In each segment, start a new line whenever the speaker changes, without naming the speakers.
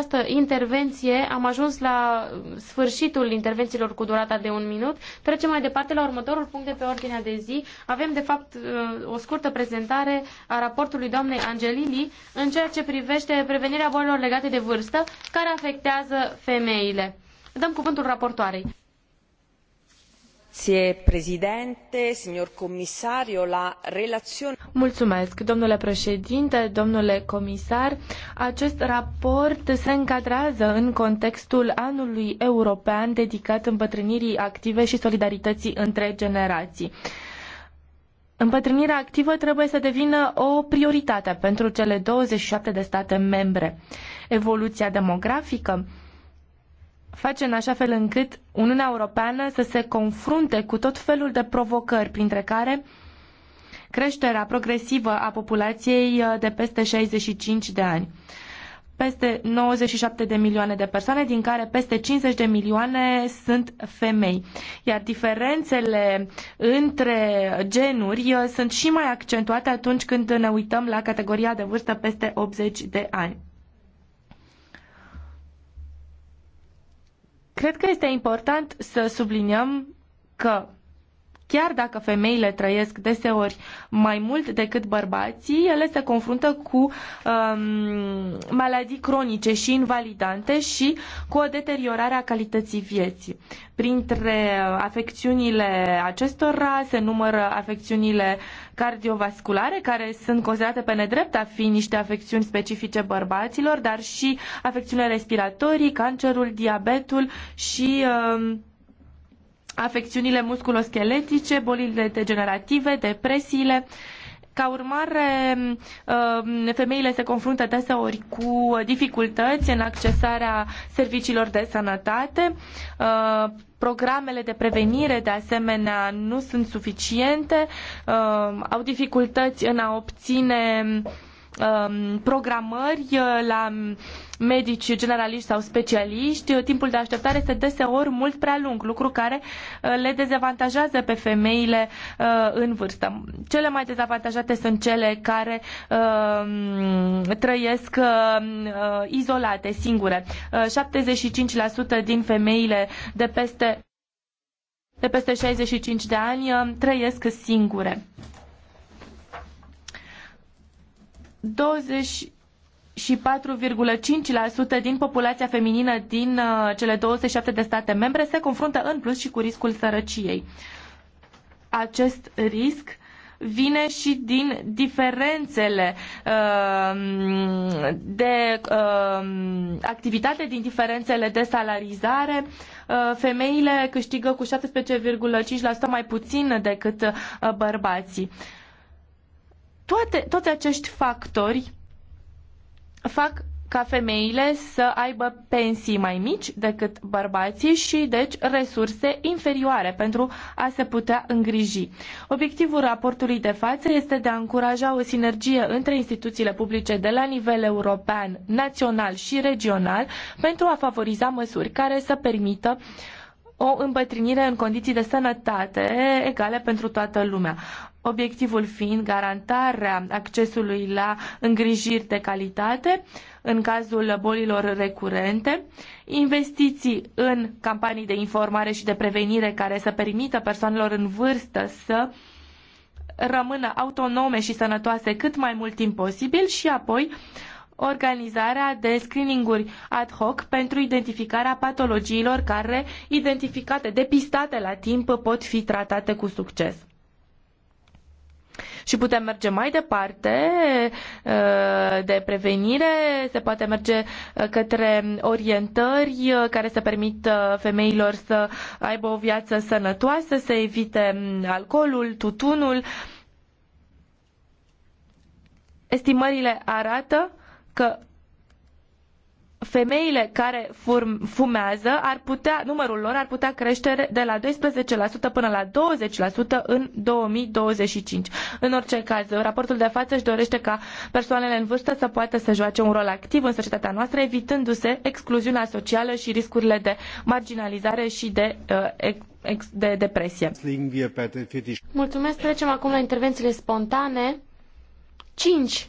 această intervenție am ajuns la sfârșitul intervențiilor cu durata de un minut. Trecem mai departe la următorul punct de pe ordinea de zi. Avem, de fapt, uh, o scurtă prezentare a raportului doamnei Angelili în ceea ce privește prevenirea bolilor legate de vârstă care afectează femeile. Dăm cuvântul raportoarei.
Grazie, signor la Mulțumesc, domnule președinte, domnule comisar. Acest raport se încadrează în contextul anului european dedicat îmbătrânirii active și solidarității între generații. Împătrânirea activă trebuie să devină o prioritate pentru cele 27 de state membre. Evoluția demografică face în așa fel încât Uniunea Europeană să se confrunte cu tot felul de provocări, printre care creșterea progresivă a populației uh, de peste 65 de ani. Peste 97 de milioane de persoane, din care peste 50 de milioane sunt femei. Iar diferențele între genuri uh, sunt și mai accentuate atunci când ne uităm la categoria de vârstă peste 80 de ani. Cred că este important să subliniem că Chiar dacă femeile trăiesc deseori mai mult decât bărbații, ele se confruntă cu um, maladii cronice și invalidante și cu o deteriorare a calității vieții. Printre afecțiunile acestora se numără afecțiunile cardiovasculare, care sunt considerate pe nedrept a fi niște afecțiuni specifice bărbaților, dar și afecțiunile respiratorii, cancerul, diabetul și um, afecțiunile musculoscheletice, bolile degenerative, depresiile. Ca urmare, um, femeile se confruntă deseori cu dificultăți în accesarea serviciilor de sănătate. Uh, programele de prevenire, de asemenea, nu sunt suficiente. Uh, au dificultăți în a obține Um, programări uh, la medici generaliști sau specialiști, uh, timpul de așteptare este deseori mult prea lung, lucru care uh, le dezavantajează pe femeile în vârstă. Cele mai dezavantajate sunt cele care um, trăiesc izolate, singure. 75% din femeile de peste de peste 65 de ani trăiesc singure. 24,5% din populația feminină din uh, cele 27 de state membre se confruntă în plus și cu riscul sărăciei. Acest risc vine și din diferențele um, de um, activitate, din diferențele de salarizare. Uh, femeile câștigă cu 17,5% mai puțin decât uh, bărbații. Toate, toți acești factori fac ca femeile să aibă pensii mai mici decât bărbații și, deci, resurse inferioare pentru a se putea îngriji. Obiectivul raportului de față este de a încuraja o sinergie între instituțiile publice de la nivel european, național și regional pentru a favoriza măsuri care să permită uh, o îmbătrânire în condiții de sănătate egale pentru toată lumea. Obiectivul fiind garantarea accesului la îngrijiri de calitate în cazul bolilor recurente, investiții în campanii de informare și de prevenire care să permită persoanelor în vârstă să rămână autonome și sănătoase cât mai mult timp posibil și apoi organizarea de screeninguri ad hoc pentru identificarea patologiilor care, identificate, depistate la timp, pot fi tratate cu succes. Și putem merge mai departe ă, de prevenire, se poate merge ă, către orientări ă, care să permită femeilor să aibă o viață sănătoasă, să evite alcoolul, tutunul. Estimările arată că femeile care fumează ar putea, numărul lor ar putea crește de la 12% până la 20% în 2025. În orice caz, raportul de față își dorește ca persoanele în vârstă să poată să joace un rol activ în societatea noastră, evitându-se excluziunea socială și riscurile de marginalizare și de uh, de depresie.
Mulțumesc, trecem acum la intervențiile spontane. 5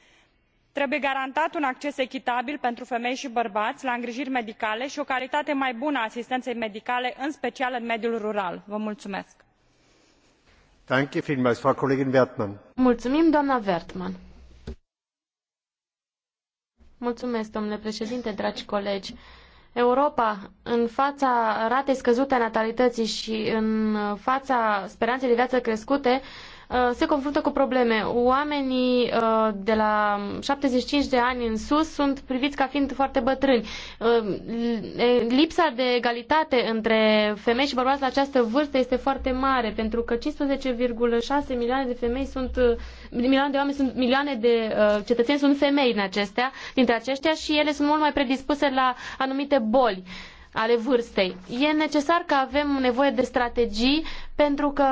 trebuie garantat un acces echitabil pentru femei i bărbai la îngrijiri medicale i o calitate mai bună a asistenei medicale în special în mediul rural. Vă mulțumesc.
Mulțumim, doamna Mulțumesc, domnule președinte, dragi colegi. Europa, în fața ratei scăzute a natalității și în fața speranței de viață crescute, Uh, se confruntă cu probleme. Oamenii uh, de la 75 de ani în sus sunt priviți ca fiind foarte bătrâni. Uh, lipsa de egalitate între femei și bărbați la această vârstă este foarte mare, pentru că 15,6 milioane de femei sunt milioane de oameni sunt milioane de cetățeni sunt femei în acestea, dintre aceștia și ele sunt mult mai predispuse la anumite boli ale vârstei. E necesar că avem nevoie de strategii pentru că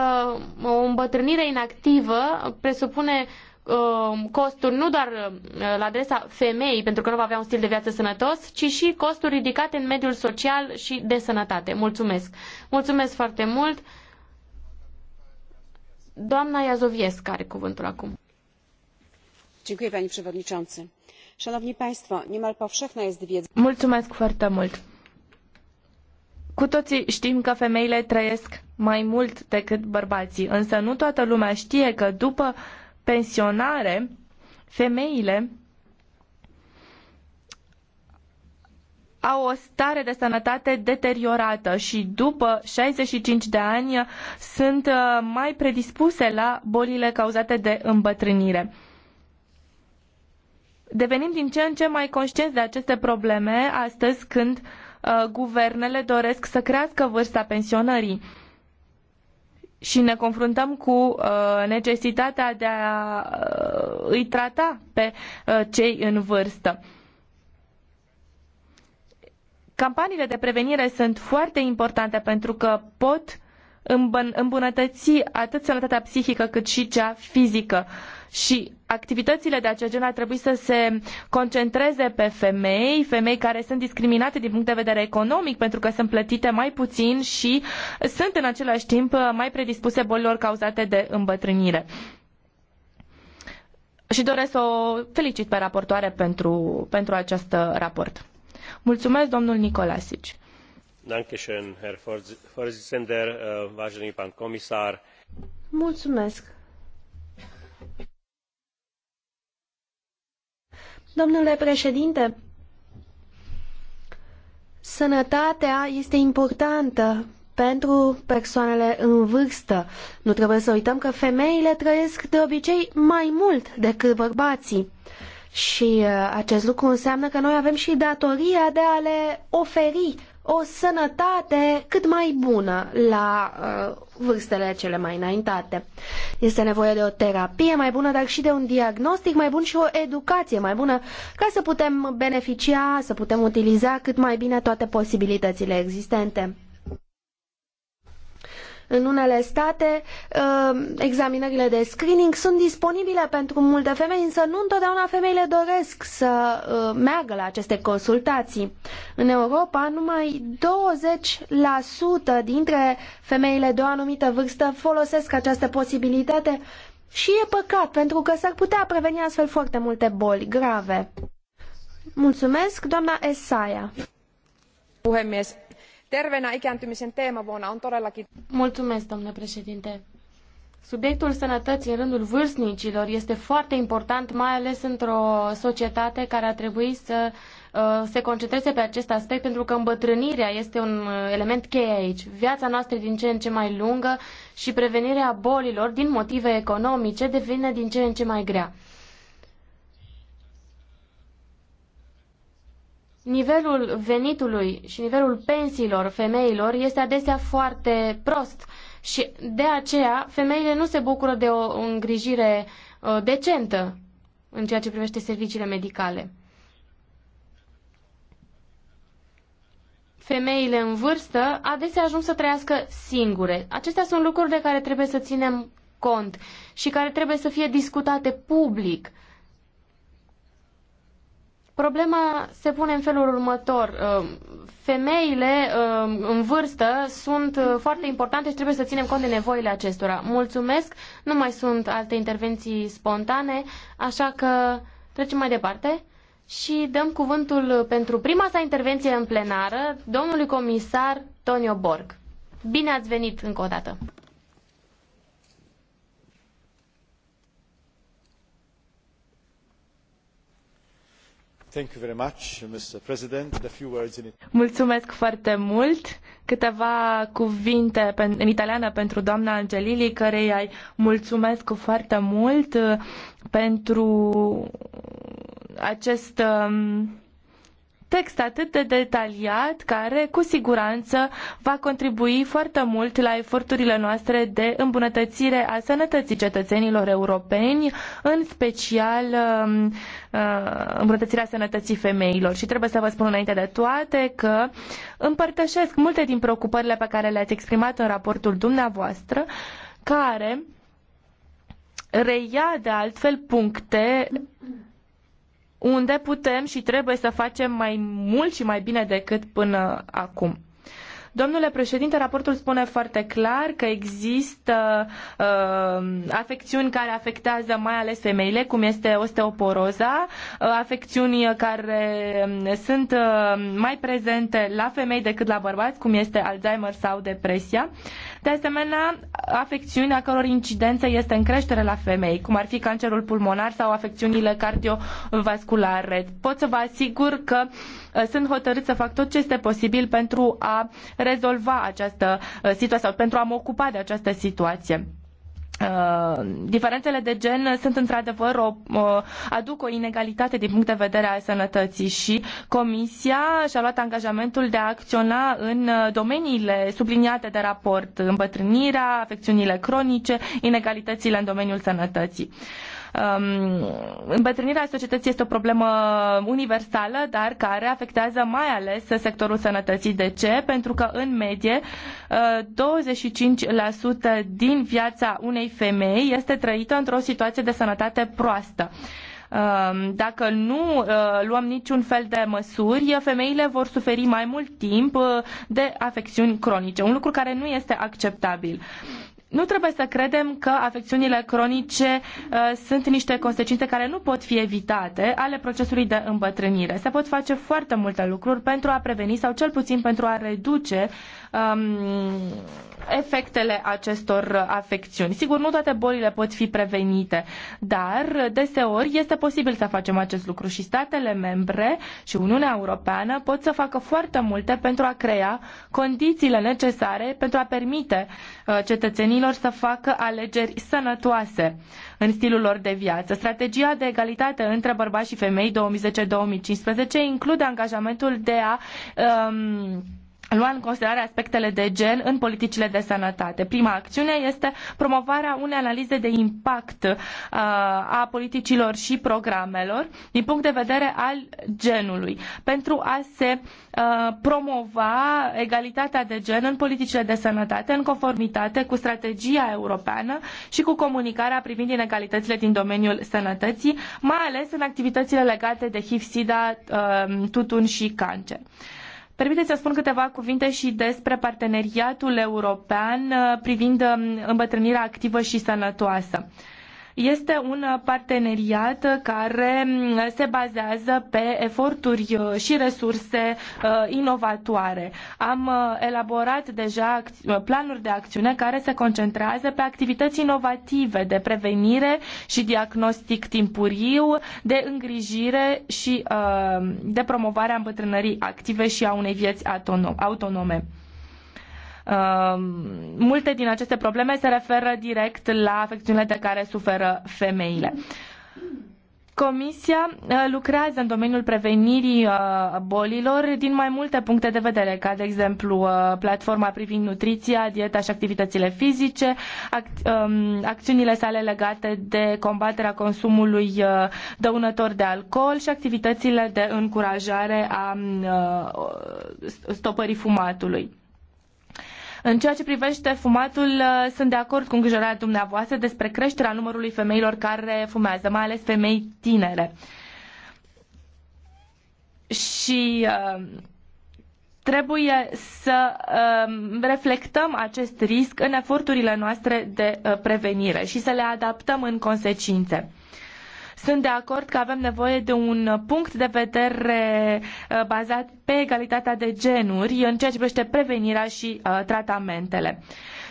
o îmbătrânire inactivă presupune uh, costuri nu doar uh, la adresa femeii, pentru că nu va avea un stil de viață sănătos, ci și costuri ridicate în mediul social și de sănătate. Mulțumesc! Mulțumesc foarte mult! Doamna Iazoviescu are cuvântul acum.
Dziękuję, panie przewodniczący. Szanowni państwo, niemal powszechna jest wiedza.
Mulțumesc foarte mult! Cu toții știm că femeile trăiesc mai mult decât bărbații, însă nu toată lumea știe că după pensionare, femeile au o stare de sănătate deteriorată și după 65 de ani sunt uh, mai predispuse la bolile cauzate de îmbătrânire. Devenim din ce în ce mai conștienți de aceste probleme astăzi când uh, Uh, guvernele doresc să crească vârsta pensionării și ne confruntăm cu uh, necesitatea de a uh, îi trata pe cei în vârstă. Campaniile de prevenire sunt foarte importante pentru că pot îmbân- îmbunătăți atât sănătatea psihică cât și cea fizică. Și activitățile de acest gen ar trebui să se concentreze pe femei, femei care sunt discriminate din punct de vedere economic pentru că sunt plătite mai puțin și sunt în același timp mai predispuse bolilor cauzate de îmbătrânire. Și doresc să o felicit pe raportoare pentru, pentru acest raport. Mulțumesc, domnul Nicolasici.
Äh,
Mulțumesc. Domnule președinte, sănătatea este importantă pentru persoanele în vârstă. Nu trebuie să uităm că femeile trăiesc de obicei mai mult decât bărbații. Și uh, acest lucru înseamnă că noi avem și datoria de a le oferi o sănătate cât mai bună la uh, vârstele cele mai înaintate. Este nevoie de o terapie mai bună, dar și de un diagnostic mai bun și o educație mai bună ca să putem beneficia, să putem utiliza cât mai bine toate posibilitățile existente. În unele state, uh, examinările de screening sunt disponibile pentru multe femei, însă nu întotdeauna femeile doresc să uh, meargă la aceste consultații. În Europa, numai 20% dintre femeile de o anumită vârstă folosesc această posibilitate și e păcat, pentru că s-ar putea preveni astfel foarte multe boli grave. Mulțumesc, doamna Esaia.
Puhemies, terveenä ikääntymisen teemavuonna on todellakin... Mulțumesc, domnule președinte. Subiectul sănătății în rândul vârstnicilor este foarte important, mai ales într-o societate care a trebuit să uh, se concentreze pe acest aspect pentru că îmbătrânirea este un uh, element cheie aici. Viața noastră e din ce în ce mai lungă și prevenirea bolilor din motive economice devine din ce în ce mai grea. nivelul venitului și nivelul pensiilor femeilor este adesea foarte prost și de aceea femeile nu se bucură de o îngrijire uh, decentă în ceea ce privește serviciile medicale. Femeile în vârstă adesea ajung să trăiască singure. Acestea sunt lucruri de care trebuie să ținem cont și care trebuie să fie discutate public. Problema se pune în felul următor. Uh, femeile uh, în vârstă sunt uh, foarte importante și trebuie să ținem cont de nevoile acestora. Mulțumesc, nu mai sunt alte intervenții spontane, așa că trecem mai departe și dăm cuvântul pentru prima sa intervenție în plenară domnului comisar Tonio Borg. Bine ați venit încă o dată!
Mulțumesc foarte mult. Câteva cuvinte în italiană pentru doamna Angelili, căreia îi mulțumesc foarte mult uh, pentru acest um, text atât de detaliat care cu siguranță va contribui foarte mult la eforturile noastre de îmbunătățire a sănătății cetățenilor europeni, în special um, uh, îmbunătățirea sănătății femeilor. Și trebuie să vă spun înainte de toate că împărtășesc multe din preocupările pe care le-ați exprimat în raportul dumneavoastră, care reia de altfel puncte unde putem și trebuie să facem mai mult și mai bine decât până acum. Domnule președinte, raportul spune foarte clar că există uh, afecțiuni care afectează mai ales femeile, cum este osteoporoza, uh, afecțiuni care um, sunt uh, mai prezente la femei decât la bărbați, cum este Alzheimer sau depresia. Uh, de asemenea, afecțiunea căror incidență este în creștere la femei, cum ar fi cancerul pulmonar sau afecțiunile cardiovasculare. Pot să vă asigur că uh, sunt hotărât să fac tot ce este posibil pentru a rezolva această uh, situație sau pentru a mă ocupa de această situație. Uh, diferențele de gen sunt într-adevăr o, aduc o inegalitate din punct de vedere al sănătății și Comisia și-a luat angajamentul de a acționa în uh, domeniile subliniate de raport, îmbătrânirea, afecțiunile cronice, inegalitățile în domeniul sănătății. Um, îmbătrânirea societății este o problemă universală, dar care afectează mai ales sectorul sănătății. De ce? Pentru că, în medie, 25% din viața unei femei este trăită într-o situație de sănătate proastă um, dacă nu uh, luăm niciun fel de măsuri, femeile vor suferi mai mult timp uh, de afecțiuni cronice, un lucru care nu este acceptabil nu trebuie să credem că afecțiunile cronice uh, sunt niște consecințe care nu pot fi evitate ale procesului de îmbătrânire. Se pot face foarte multe lucruri pentru a preveni sau cel puțin pentru a reduce uh, um, efectele acestor afecțiuni. Sigur, nu toate bolile pot fi prevenite, dar deseori este posibil să facem acest lucru și statele membre și Uniunea Europeană pot să facă foarte multe pentru a crea condițiile necesare pentru a permite uh, cetățenilor să facă alegeri sănătoase în stilul lor de viață. Strategia de egalitate între bărbați și femei 2010-2015 include angajamentul de a um, lua în considerare aspectele de gen în politicile de sănătate. Prima acțiune este promovarea unei analize de impact uh, a politicilor și programelor din punct de vedere al genului, pentru a se uh, promova egalitatea de gen în politicile de sănătate în conformitate cu strategia europeană și cu comunicarea privind inegalitățile din domeniul sănătății, mai ales în activitățile legate de HIV, SIDA, uh, tutun și cancer. Permiteți să spun câteva cuvinte și despre parteneriatul european uh, privind um, îmbătrânirea activă și sănătoasă. Este un parteneriat care se bazează pe eforturi uh, și resurse uh, inovatoare. Am uh, elaborat deja planuri de acțiune care se concentrează pe activități inovative de prevenire și diagnostic timpuriu, de îngrijire și de promovare a îmbătrânirii active și a unei vieți autonome. Um, multe din aceste probleme se referă direct la afecțiunile de care suferă femeile. Comisia uh, lucrează în domeniul prevenirii uh, bolilor din mai multe puncte de vedere, ca de exemplu uh, platforma privind nutriția, dieta și activitățile fizice, um, acțiunile sale legate de combaterea consumului dăunător de alcool și activitățile de încurajare a stopării fumatului. În ceea ce privește fumatul, uh, sunt de acord cu îngrijorarea dumneavoastră despre creșterea numărului femeilor care fumează, mai ales femei tinere. Și uh, trebuie să uh, reflectăm acest risc în eforturile noastre de uh, prevenire și să le adaptăm în consecințe. Uh, sunt de acord că avem nevoie de un punct de vedere uh, bazat pe egalitatea de genuri în ceea ce privește prevenirea și uh, tratamentele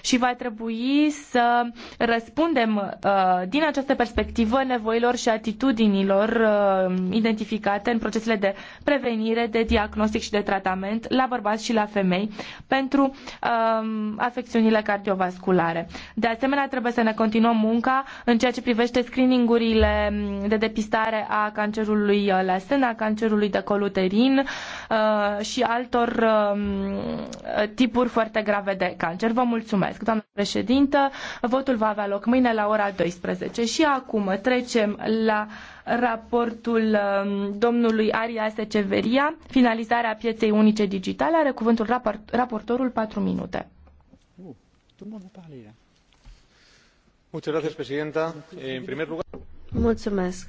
și va trebui să răspundem uh, din această perspectivă nevoilor și atitudinilor uh, identificate în procesele de prevenire, de diagnostic și de tratament la bărbați și la femei pentru um, afecțiunile cardiovasculare. De asemenea, trebuie să ne continuăm munca în ceea ce privește screeningurile mm, de depistare a cancerului uh, la sân, a cancerului de coluterin și altor um, tipuri foarte grave de cancer. Vă mulțumesc! Mulțumesc, doamnă președintă. Votul va avea loc mâine la ora 12. Și acum trecem la raportul um, domnului Arias Ceveria. finalizarea pieței unice digitale. Are cuvântul raport, raportorul 4 minute.
Mulțumesc, președinta. În primul rând...
Mulțumesc.